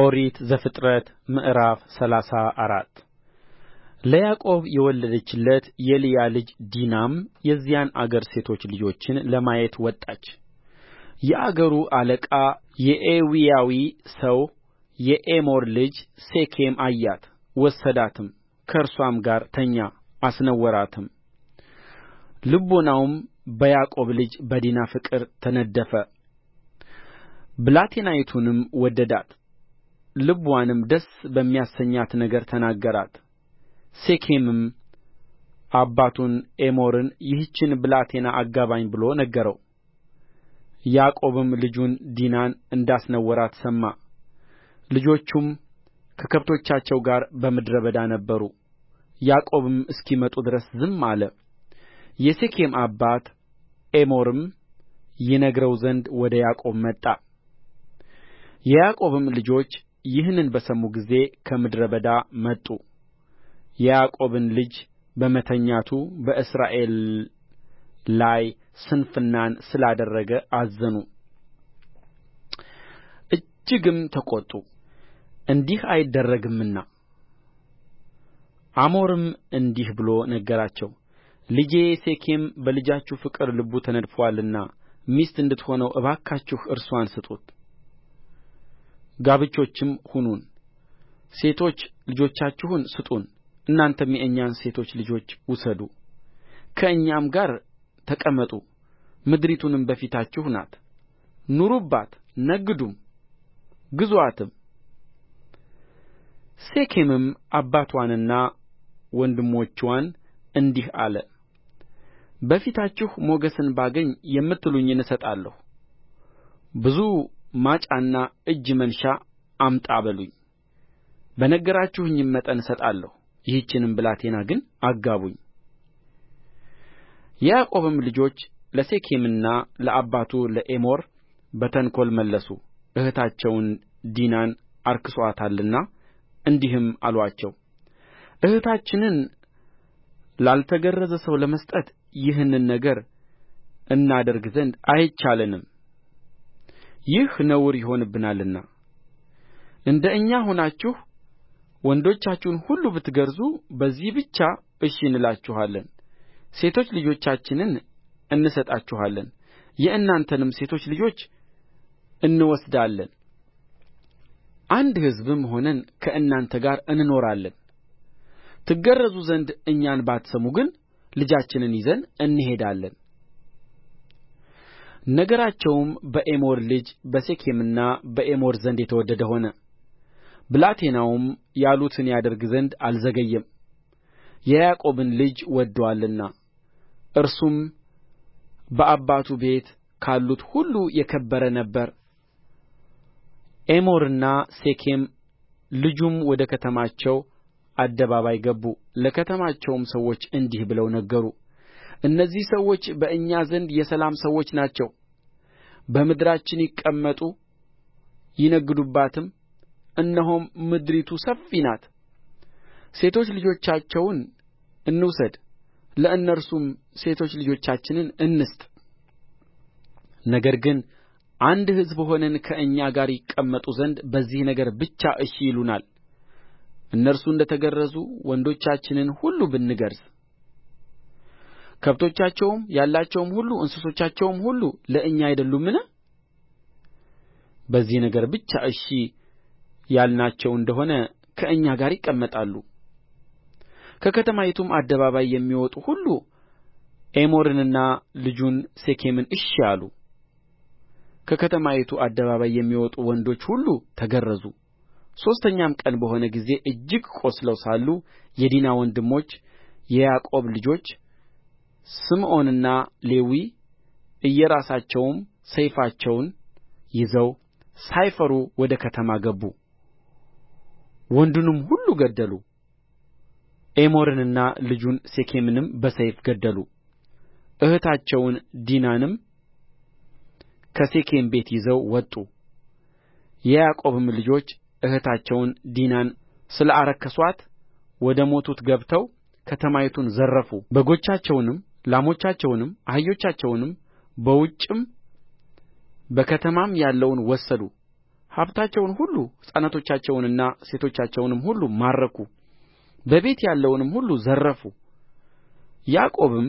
ኦሪት ዘፍጥረት ምዕራፍ ሰላሳ አራት ለያዕቆብ የወለደችለት የልያ ልጅ ዲናም የዚያን አገር ሴቶች ልጆችን ለማየት ወጣች የአገሩ አለቃ የኤዊያዊ ሰው የኤሞር ልጅ ሴኬም አያት ወሰዳትም ከእርስዋም ጋር ተኛ አስነወራትም ልቡናውም በያዕቆብ ልጅ በዲና ፍቅር ተነደፈ ብላቴናይቱንም ወደዳት ልብዋንም ደስ በሚያሰኛት ነገር ተናገራት ሴኬምም አባቱን ኤሞርን ይህችን ብላቴና አጋባኝ ብሎ ነገረው ያዕቆብም ልጁን ዲናን እንዳስነወራት ሰማ ልጆቹም ከከብቶቻቸው ጋር በምድረ በዳ ነበሩ ያዕቆብም እስኪመጡ ድረስ ዝም አለ የሴኬም አባት ኤሞርም ይነግረው ዘንድ ወደ ያዕቆብ መጣ የያዕቆብም ልጆች ይህንን በሰሙ ጊዜ ከምድረ በዳ መጡ የያዕቆብን ልጅ በመተኛቱ በእስራኤል ላይ ስንፍናን ስላደረገ አዘኑ እጅግም ተቈጡ እንዲህ አይደረግምና አሞርም እንዲህ ብሎ ነገራቸው ልጄ ሴኬም በልጃችሁ ፍቅር ልቡ ተነድፎአልና ሚስት እንድትሆነው እባካችሁ እርስዋን ስጡት ጋብቾችም ሁኑን ሴቶች ልጆቻችሁን ስጡን እናንተም የእኛን ሴቶች ልጆች ውሰዱ ከእኛም ጋር ተቀመጡ ምድሪቱንም በፊታችሁ ናት ኑሩባት ነግዱም ግዙአትም ሴኬምም አባትዋንና ወንድሞችዋን እንዲህ አለ በፊታችሁ ሞገስን ባገኝ የምትሉኝን እሰጣለሁ ብዙ ማጫና እጅ መንሻ አምጣ በሉኝ በነገራችሁኝም መጠን እሰጣለሁ ይህችንም ብላቴና ግን አጋቡኝ የያዕቆብም ልጆች ለሴኬምና ለአባቱ ለኤሞር በተንኰል መለሱ እኅታቸውን ዲናን አርክሶአታልና እንዲህም አሉአቸው እኅታችንን ላልተገረዘ ሰው ለመስጠት ይህንን ነገር እናደርግ ዘንድ አይቻለንም ይህ ነውር ይሆንብናልና እንደ እኛ ሆናችሁ ወንዶቻችሁን ሁሉ ብትገርዙ በዚህ ብቻ እሺ እንላችኋለን ሴቶች ልጆቻችንን እንሰጣችኋለን የእናንተንም ሴቶች ልጆች እንወስዳለን አንድ ሕዝብም ሆነን ከእናንተ ጋር እንኖራለን ትገረዙ ዘንድ እኛን ባትሰሙ ግን ልጃችንን ይዘን እንሄዳለን ነገራቸውም በኤሞር ልጅ በሴኬምና በኤሞር ዘንድ የተወደደ ሆነ ብላቴናውም ያሉትን ያደርግ ዘንድ አልዘገየም የያዕቆብን ልጅ ወድዶአልና እርሱም በአባቱ ቤት ካሉት ሁሉ የከበረ ነበረ ኤሞርና ሴኬም ልጁም ወደ ከተማቸው አደባባይ ገቡ ለከተማቸውም ሰዎች እንዲህ ብለው ነገሩ እነዚህ ሰዎች በእኛ ዘንድ የሰላም ሰዎች ናቸው በምድራችን ይቀመጡ ይነግዱባትም እነሆም ምድሪቱ ሰፊ ናት ሴቶች ልጆቻቸውን እንውሰድ ለእነርሱም ሴቶች ልጆቻችንን እንስጥ ነገር ግን አንድ ሕዝብ ሆነን ከእኛ ጋር ይቀመጡ ዘንድ በዚህ ነገር ብቻ እሺ ይሉናል እነርሱ እንደ ተገረዙ ወንዶቻችንን ሁሉ ብንገርዝ ከብቶቻቸውም ያላቸውም ሁሉ እንስሶቻቸውም ሁሉ ለእኛ አይደሉምን በዚህ ነገር ብቻ እሺ ያልናቸው እንደ ሆነ ከእኛ ጋር ይቀመጣሉ ከከተማይቱም አደባባይ የሚወጡ ሁሉ ኤሞርንና ልጁን ሴኬምን እሺ አሉ ከከተማይቱ አደባባይ የሚወጡ ወንዶች ሁሉ ተገረዙ ሦስተኛም ቀን በሆነ ጊዜ እጅግ ቆስለው ሳሉ የዲና ወንድሞች የያዕቆብ ልጆች ስምዖንና ሌዊ እየራሳቸውም ሰይፋቸውን ይዘው ሳይፈሩ ወደ ከተማ ገቡ ወንዱንም ሁሉ ገደሉ ኤሞርንና ልጁን ሴኬምንም በሰይፍ ገደሉ እኅታቸውን ዲናንም ከሴኬም ቤት ይዘው ወጡ የያዕቆብም ልጆች እኅታቸውን ዲናን ስለ አረከሱአት ወደ ሞቱት ገብተው ከተማይቱን ዘረፉ በጎቻቸውንም ላሞቻቸውንም አህዮቻቸውንም በውጭም በከተማም ያለውን ወሰዱ ሀብታቸውን ሁሉ ሕፃናቶቻቸውንና ሴቶቻቸውንም ሁሉ ማረኩ በቤት ያለውንም ሁሉ ዘረፉ ያዕቆብም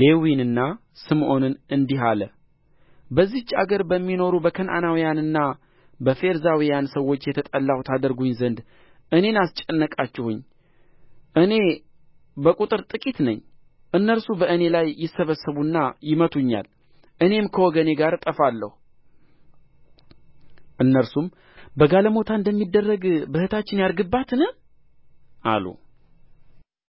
ሌዊንና ስምዖንን እንዲህ አለ በዚህች አገር በሚኖሩ በከነዓናውያንና በፌርዛውያን ሰዎች የተጠላሁ ታደርጉኝ ዘንድ እኔን አስጨነቃችሁኝ እኔ በቍጥር ጥቂት ነኝ እነርሱ በእኔ ላይ ይሰበሰቡና ይመቱኛል እኔም ከወገኔ ጋር እጠፋለሁ እነርሱም በጋለሞታ እንደሚደረግ በእኅታችን ያርግባትን አሉ